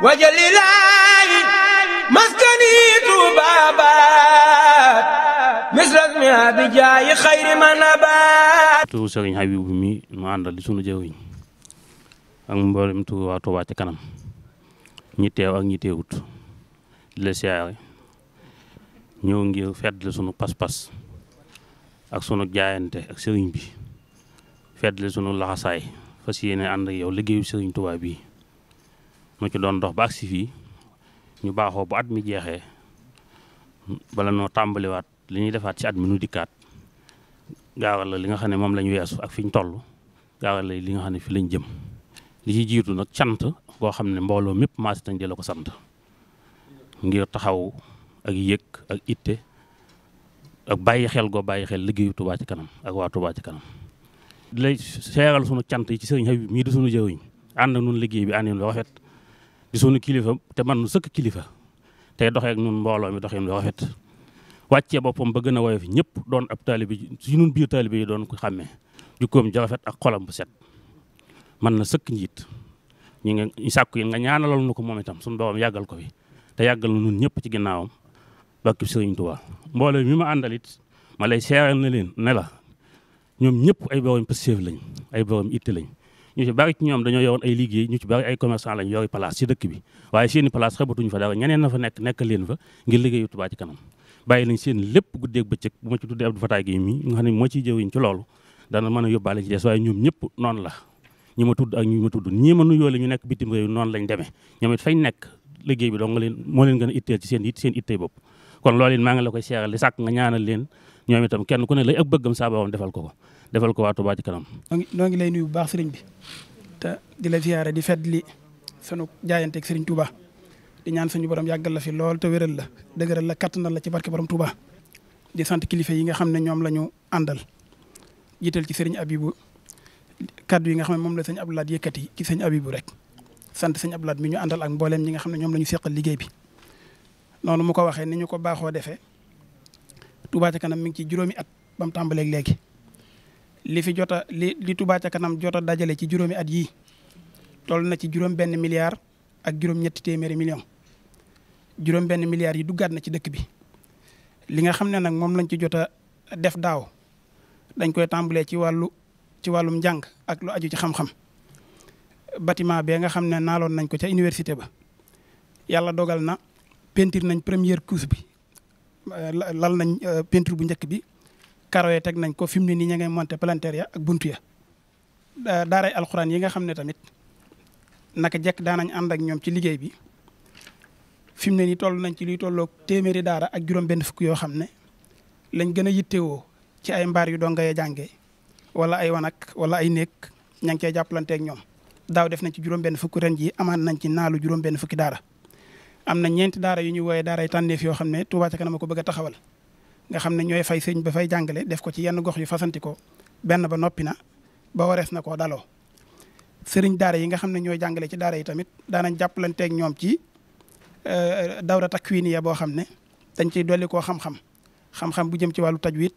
wajalilaayi maskani tuubaabaat misrasmi abijaayi xayri ma nabaat sëriñ Habibu mu àndal di sunu jëwriñ ak mboolem turu waa Tuubaa ci kanam ñi teew ak ñi di la siyaare ñëw ngir feddle sunu pas-pas ak sunu jaayante ak sëriñ bi feddle sunu laxasaay fas yéene ànd ak yow liggéeyu sëriñ Tuubaa mu ci doon dox ba agsi fii ñu baaxoo bu at mi jeexee bala noo tàmbaliwaat li ñuy defaat ci at mi nu dikkaat gaawal la li nga xam ne moom lañu ñu weesu ak fi ñu toll gaawal la li nga xam ne fi lañ jëm li ci jiitu nag cant boo xam ne mbooloo mépp maas tañ di la ko sant ngir taxaw ak yëg ak itte ak bàyyi xel goo bàyyi xel liggéeyu Touba ci kanam ak waa Touba ci kanam di lay seeral sunu cant yi ci sëriñ Habib mii di sunu jëwiñ ànd ak nun liggéey bi ànd di sunu kilifa te man nu sëkk kilifa te doxee ak ñun mbooloo mi doxee nu boppam ba gën a woyof ñëpp doon ab taalibe ci ñun biir taalibe doon ko xamee jukkoom ji ak xolam bu set man na sëkk njiit ñu nga ñu sàkku yi nga ñaanalal nu ko moom itam suñu borom yàggal ko fi te yàggal na ñun ñëpp ci ginnaawam bakki Sëriñ Tuubaa mbooloo mi ma àndal it ma lay seeral na leen ne ñoom ñëpp ay borom pëstéef lañ ay borom itte lañ ñu ci bari ci ñoom dañoo yoroon ay liggéey ñu ci bari ay commerçant ma moo ciy jëwiñ ñëpp noonu la ñi ma tudd ak ñi ma tudd ñi ma nuyoole ñu nekk bitim réew noonu lañ demee ñoom it fañ nekk liggéey bi dong moo leen gën a itteel ci seen it seen ittee bopp kon loolu maa ngi la koy seeral li sàkk nga ñaanal leen ñoom itam kenn ku ne lay ak bëgg saa boobam defal ko ko defal ko waa Touba ci kanam. noo ngi lay nuyu bu baax sëriñ bi te di la ziyaare di fàttali sunu jaayanteeg sëriñ tubaa di ñaan suñu borom yàggal la fi lool te wéral la dëgëral la kattanal la ci barke borom tubaa di sant kilifa yi nga xam ne ñoom lañu àndal jiital ci sëriñ Abibu kaddu yi nga xam ne moom la sëñ Abdoulaye yëkkati ci sëñ Abibu rek sant sëñ Abdoulaye mi ñu àndal ak mbooleem ñi nga xam ne ñoom la ñu seqal liggéey noonu mu ko waxee ni ñu ko baaxoo defee Touba ca kanam mi ngi ci juróomi at ba mu tàmbaleeg léegi li fi jot a li li Touba kanam jot a dajale ci juróomi at yii toll na ci juróom benn milliard ak juróom ñetti téeméeri million juróom benn milliard yi duggaat na ci dëkk bi li nga xam ne nag moom lañ ci jot a def daaw dañ koy tàmbalee ci wàllu ci wàllum njàng ak lu aju ci xam-xam bâtiment bee nga xam ne naaloon nañ ko ca université ba yàlla dogal na peinture nañ première couche bi lal nañ euh, peinture bu njëkk bi karo teg nañ ko fi mu ne nii ña ngay ya ak bunt ya daaray alxuraan yi nga xam ne tamit naka jekk daanañ ànd ak ñoom ci liggéey bi fi mu ne ni toll nañ ci luy tollook téeméeri daara ak juróom-benn fukk yoo xam ne lañ gën a yittewoo ci ay mbaar yu dong ngay jàngee wala ay wanag wala ay néeg ña ngi cee jàppalanteeg ñoom daaw def nañ ci juróom-benn fukk ren jii amaat nañ ci naalu juróom-benn fukki daara. am na ñeenti daara yu ñuy wooyee daaray tànneef yoo xam ne Touba ca kanam ko bëgg a taxawal nga xam ne ñooy fay sëñ ba fay jàngale def ko ci yenn gox yu fasanti ko benn ba noppi na ba warees na koo daloo sëriñ daara yi nga xam ne ñooy jàngale ci daara yi tamit daanañ jàppalanteeg ñoom ci euh, dawra takwiiniya boo xam ne dañ ciy dolli koo xam-xam bu jëm ci wàllu tajwid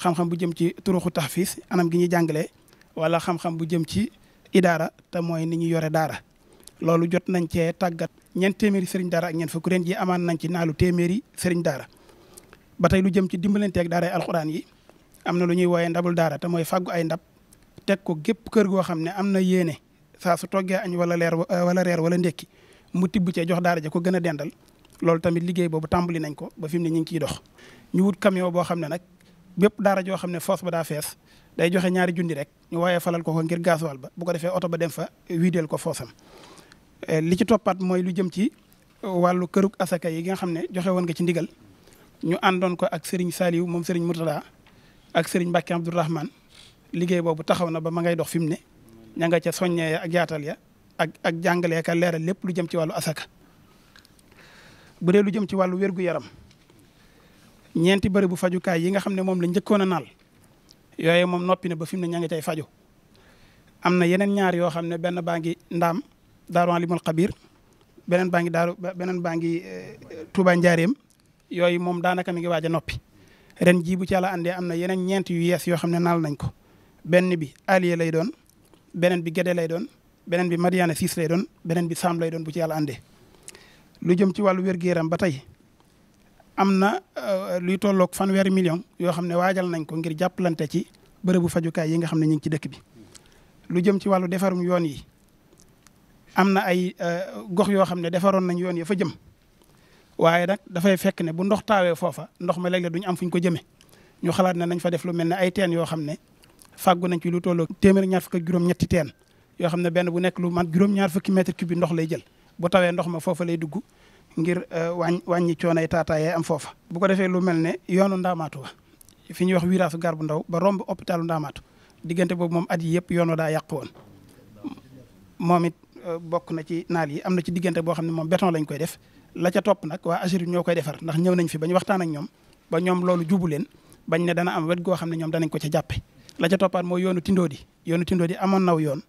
xam-xam bu jëm ci turuxu tahfiis anam gi ñuy jàngalee wala xam bu jëm ci idaara te mooy ni ñu yore daara loolu jot nañ cee tàggat ñeent téeméeri sëriñ daara ak ñeent fukk ren ji amaan nañ ci naalu téeméeri sëriñ daara ba tey lu jëm ci dimbalanteeg daaray alxuraan yi am na lu ñuy wooyee ndabul daara te mooy fàggu ay ndab teg ko gépp kër goo xam ne am na yéene saa su toggee añ wala leer wala reer wala ndékki mu tibb cee jox daara ja ko gën a dendal loolu tamit liggéey boobu tàmbali nañ ko ba fi mu ne ñu ngi ciy dox ñu wut camion boo xam ne nag bépp daara joo xam ne foos ba daa fees day joxe ñaari junni rek ñu waaye falal ko ko ngir gasoil ba bu ko defee oto ba dem fa wiideel ko foosam Eh, li ci toppaat mooy lu jëm ci wàllu këruk asaka yi nga xam ne joxe woon nga ci ndigal ñu àndoon ko ak Serigne Saliou moom Serigne Mourtada ak Serigne Mbacke Abdourahmane liggéey boobu taxaw na ba ma ngay dox fi mu ne ña nga ca soññee ak yaatal ya ak ak jàngalee ka leeral lépp lu jëm ci wàllu asaka bu lu jëm ci wàllu wér-gu-yaram ñeenti bëri bu fajukaay yi nga xam ne moom la njëkkoon a naal yooyu moom noppi na ba fi mu ne ña ngi cay fajo am na yeneen ñaar yoo xam ne benn baa ngi ndaam daaru alimul xabir beneen baa ngi daaru beneen baa ngi eh, Touba Njaareem yooyu moom daanaka mi ngi waaja noppi ren jii bu ci yàlla àndee am na yeneen ñeent yu yees yoo xam ne naal nañ ko benn bi Alié lay doon beneen bi Gédé lay doon beneen bi Madiana Siis lay doon beneen bi Sam lay doon bu ci yàlla àndee. lu jëm ci wàllu wér yaram ba tey am na eh, luy tolloog fanweeri million yoo xam ne waajal nañ ko ngir jàppalante ci bërëbu fajukaay yi nga xam ne ñu ngi ci dëkk bi lu jëm ci wàllu defarum yoon yi. am na ay euh, gox yoo xam ne defaroon nañ yoon ya fa jëm waaye nag dafay fekk ne bu ndox taawee foofa ndox ma léeg-léeg am fuñ ko jëmee ñu xalaat ne nañ fa def lu mel ne ay teen yoo xam ne fàggu nañ ci lu tolloo téeméer ñaar fukk ak juróom-ñetti teen yoo xam ne benn bu nekk lu mat juróom-ñaar fukki mètre cube bi ndox lay jël bu tawee ndox ma foofa lay dugg ngir euh, wàññ wàññi coonay taataayee am foofa bu ko defee lu mel ne yoonu ndaamaatu wa fi ñu wax virage gar bu ndaw ba romb hôpitalu ndaamaatu diggante boobu moom at yi yëpp yoonu daa yàq woon Euh, bokk na ci naal yi am na ci diggante boo xam ne moom béton lañ koy def la ca topp nag waa AGEROUTE ñoo koy defar ndax ñëw nañ fi bañ ñu waxtaan ak ñoom ba ñoom loolu jubu leen bañ ne dana am wet goo xam ne ñoom danañ ko ca jàppe la ca toppaat mooy yoonu Tindodi yoonu Tindodi amoon naw yoon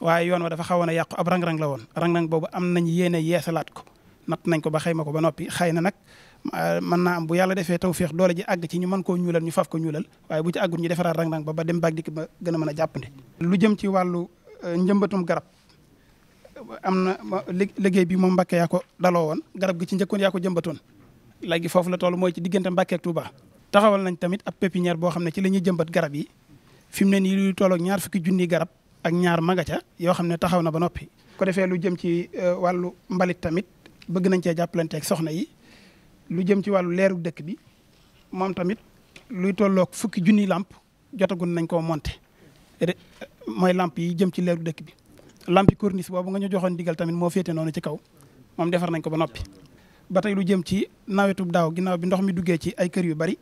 waaye yoon wa dafa xawoon a yàqu ab rang-rang la woon rang-rang boobu am nañ yéene yeesalaat ko natt nañ ko ba xayma ko ba noppi xëy na nag euh, man naa am bu yàlla defee feex doole ji àgg ci ñu mën koo ñuulal ñu faaf ko ñuulal waaye bu ci àggul ñu defaraat rang ba ba dem baag dikk ba a mën a jàppande lu jëm ci wàllu euh, njëmbatum garab am na liggéey bi moom Mbacke yaa ko daloo woon garab gi ci njëkkoon yaa ko jëmbatoon léegi foofu la toll mooy ci diggante Mbacke ak taxawal nañ tamit ab pépinière boo xam ne ci lañuy jëmbat garab yi fi mu ne nii luy toll ñaar fukki junni garab ak ñaar magaca yoo xam ne taxaw na ba noppi. ko defee lu jëm ci e, wàllu mbalit tamit bëgg nañ cee jàppalanteeg soxna yi lu jëm ci wàllu leeru dëkk bi moom tamit luy tolloog fukki junni làmp jotagun nañ koo monté mooy lamp yi jëm ci leeru dëkk bi. lampi corniche boobu nga ñu joxoon digal tamit moo féete noonu ci kaw moom defar nañ ko ba noppi. ba tey lu jëm ci nawetu daaw ginnaaw bi ndox mi duggee ci ay kër yu bari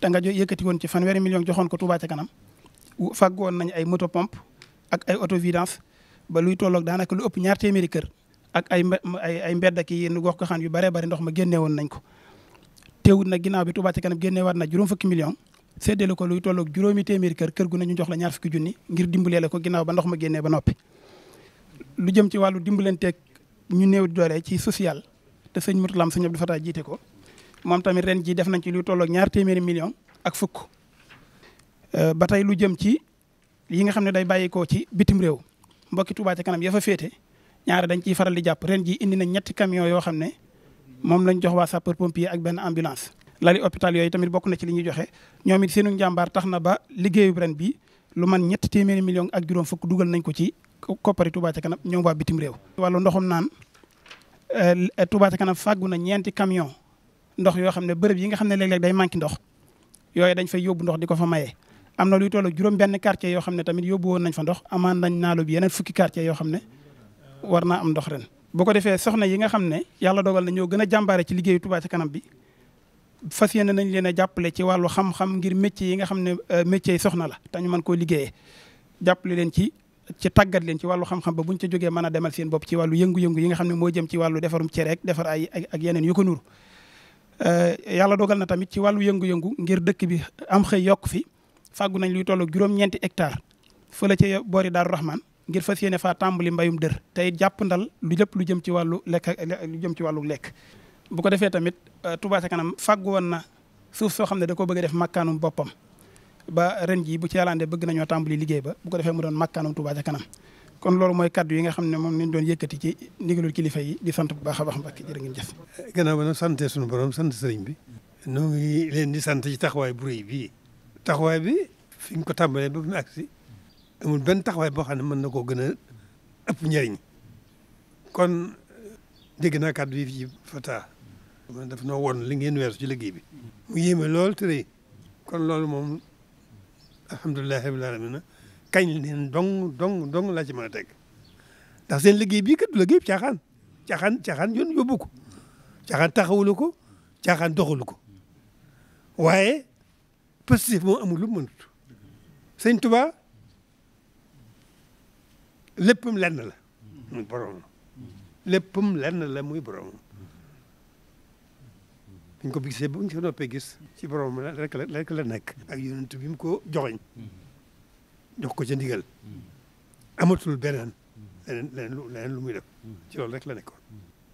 te nga yëkkati woon ci fanweeri million joxoon ko Touba ca kanam fàggoon nañ ay moto pompe ak ay auto vidange ba luy tolloog daanaka lu ëpp ñaar téeméeri kër ak ay ay ay mbedd ak yenn gox goxaan yu baree bari ndox ma génne woon nañ ko. teewut nag ginnaaw bi Touba ca kanam génne waat na juróom fukki million séddale ko luy tolloog juróomi téeméeri kër kër gu ne ñu jox la ñaar fukki junni ngir dimbalee ko ginnaaw ba ndox ma génnee ba noppi lu jëm ci wàllu dimbalanteeg ñu néew doole ci social te sëñ Mourtala am sëñ Abdou Fatah jiite ko moom tamit ren ji def nañ ci lu tolloog ñaar téeméeri million ak fukk euh, ba tey lu jëm ci yi nga xam ne day bàyyikoo ci bitim réew mbokki Touba ya fa féete ñaari dañ ciy faral di jàpp ren ji indi nañ ñetti camion yoo xam ne moom lañ jox waa sapeur pompier ak benn ambulance. lali hôpital yooyu tamit bokk na ci li ñuy joxe ñoom it seenu njàmbaar tax na ba liggéeyu ren bi lu man ñetti téeméeri million ak juróom fukk dugal nañ ko ci koppari Touba ca kanam ñoom waa bitim réew. wàllu ndoxum naan eh, eh, Touba ca kanam fàggu na ñeenti camion ndox yoo xam ne bërëb yi nga xam ne léeg-léeg day manqué ndox yooyu dañ fa yóbbu ndox di ko fa maye. am na luy toll juróom benn quartier yoo xam ne tamit yóbbu woon nañ fa ndox amaan nañ naalu bi yeneen fukki quartier yoo xam ne war naa am ndox ren. bu ko defee soxna yi nga xam ne yàlla dogal na ñoo gën a jàmbaare ci liggéeyu Touba ca kanam bi fas yéene nañ leen a jàppale ci wàllu xam ngir métier yi nga xam ne eh, métier soxna la te mën koo liggéeyee jàppale leen ci ci tàggat leen ci wàllu xam-xam ba buñ ci jógee mën a demal seen bopp ci wàllu yëngu-yëngu yi nga xam ne moo jëm ci wàllu defarum cere ak defar ay ak yeneen yu ko euh, yàlla dogal na tamit ci wàllu yëngu-yëngu ngir dëkk bi am xëy yokk fi fàggu nañ luy tollu juróom-ñeenti hectare fële ca boori Daaru Rahman ngir fas yéene faa tàmbali mbayum dër tey jàpp ndal lu jëpp lu jëm ci wàllu lekk lu jëm ci wàllu lekk bu ko defee tamit euh, Touba ca kanam fàggu woon na suuf soo xam ne da ko bëgg def makkaanum boppam ba ren jii bu ci yàlla andee bëgg nañoo tàmbali liggéey ba bu ko defee mu doon makkaanam Touba ca kanam kon loolu mooy kaddu yi nga xam ne moom lañ doon yëkkati ci ndigalul kilifa yi di sant bu baax a baax Mbàkke jërë ngeen jëf. gannaaw ba nag sant suñu borom sant sëriñ bi. ñu ngi leen di sant ci taxawaay bu rëy bii. taxawaay bi fi ñu ko tàmbalee ba fu mu agsi amul benn taxawaay boo xam ne mën na koo gën a ëpp njëriñ kon dégg naa kaddu yi ci Fata. man daf noo woon li ngeen weesu ci liggéey bi. mu loolu moom alhamdulilah rabbil alamin kañ leen dong dong dong laa ci mën a teg ndax seen liggéey bii kat du liggéey caaxaan caaxaan caaxaan yoon yóbbu ko caaxaan taxawulu ko caaxaan doxalu ko waaye positif moom amul lu mënut sëñ Tuba léppam lenn la muy borom léppam lenn la muy borom buñ ko gisee buñ ko noppee gis ci borom la rek la la nekk. ak yonent bi mu ko joxoñ mm-hmm. jox ko ca ndigal. Mm-hmm. amatul beneen. Mm-hmm. leneen leneen lu muy def. ci loolu rek la nekkoon.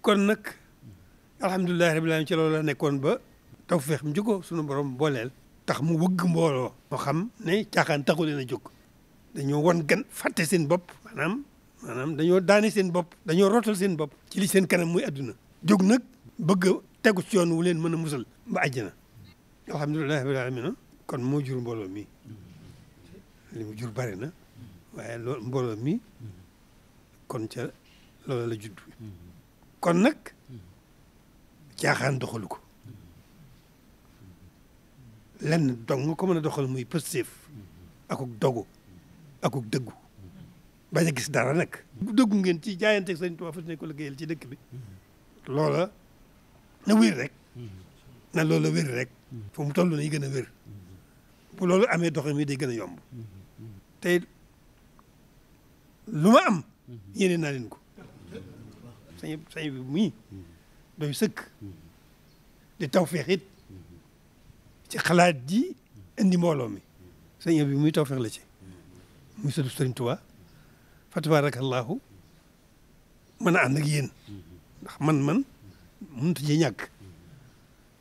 kon nag alhamdulilah rabbil alamin ci loolu la nekkoon ba. tawfeex mu jógoo sunu borom booleel. tax mu wëgg mbooloo. moo xam ne caaxaan taxu leen a jog dañoo won gan fàtte seen bopp maanaam maanaam dañoo daane seen bopp. dañoo rootal seen bopp. ci li seen kanam muy adduna. jóg nag bëgg tegu ci yoon wu leen mën a musal ba àjjana alhamdulilah rabbil alamin kon moo jur mbooloo mi li mu jur bari na waaye lool mbooloo mi kon ca loola la judd kon nag caaxaan doxalu ko lenn dong ko mën a doxal muy positif dogu akuk dëggu bañ a gis dara nag bu dëggu ngeen ci jaayante Sëriñ Tuubaa fas ne ko liggéeyal ci dëkk bi loola na wér rek na loolu wér rek fu mu toll nañ gën a wér bu loolu amee doxin wi day gën a yomb tey am yéene naa ko sañ sañ bi muy doy sëkk di taw feex it ci xalaat ji indi mbooloo mi sañ bi muy taw feex la ci muy sëdu sëriñ Tuubaa fa tabaarakallahu mën a ànd man-man mënut ci ñàkk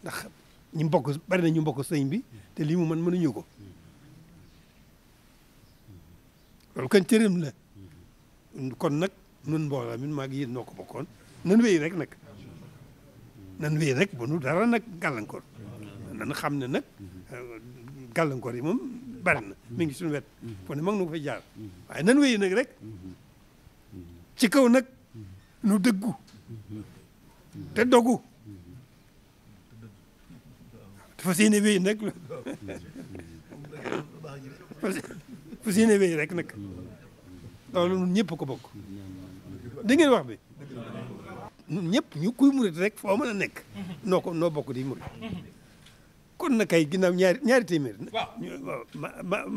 ndax ñu mbokk bari na ñu mbokk sëñ bi te lii mu mën mënuñu ko loolu kan cëram la kon nag nun mbooloo mi maa ngi yéen noo ko bokkoon nan wéy rek nag nan wéy rek bu nu dara nag gàllankoor nan xam ne nag euh, gàllankoor yi moom bari na mi ngi suñu wet fo ne mag nu ko fay jaar waaye nan wéy nag rek ci kaw nag nu dëggu te dogu fas yéene wéy nag fas yéene wéy rek nag loolu ñun ñëpp ko bokk da ngeen wax bi ñun ñëpp ñu kuy murit rek foo mën a nekk noo ko noo bokk di murit kon na kay ginnaaw ñaari ñaari téeméer waaw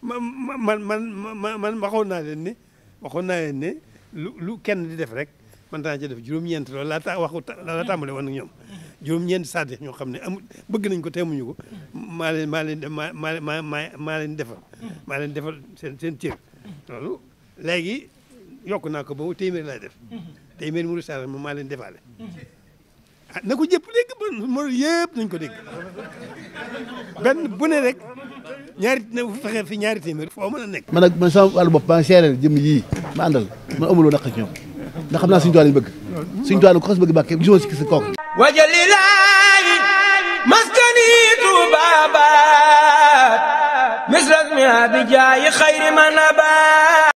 ma ma man man ma man waxoon naa leen ne waxoon naa leen ne lu lu kenn di def rek man danaa ci def juróom-ñeent loolu laa ta waxu laa tàmbale woon ak ñoom juróom-ñeent sàddex ñoo xam ne amul bëgg nañ ko ñu ko maa leen maa leen maa maa maa maa leen defal maa leen defal seen seen cër loolu léegi yokk naa ko boobu téeméer laay def téeméer mu risaala moom maa leen defaale ah na ko jëpp dégg ba mor nañ ko dégg benn bu ne rek ñaari na fexe fi ñaari téeméer foo mën a nekk man nag man sama wàllu bopp maa ngi yii ma àndal man amuloo naq ci ñoom ndax xam naa suñu tool yi bëgg suñu tool yi ko xas bëgg Mbàkke gisoo si kese kooku wajalilaahi maskani tubabat misras mi abijaayi xayri man abat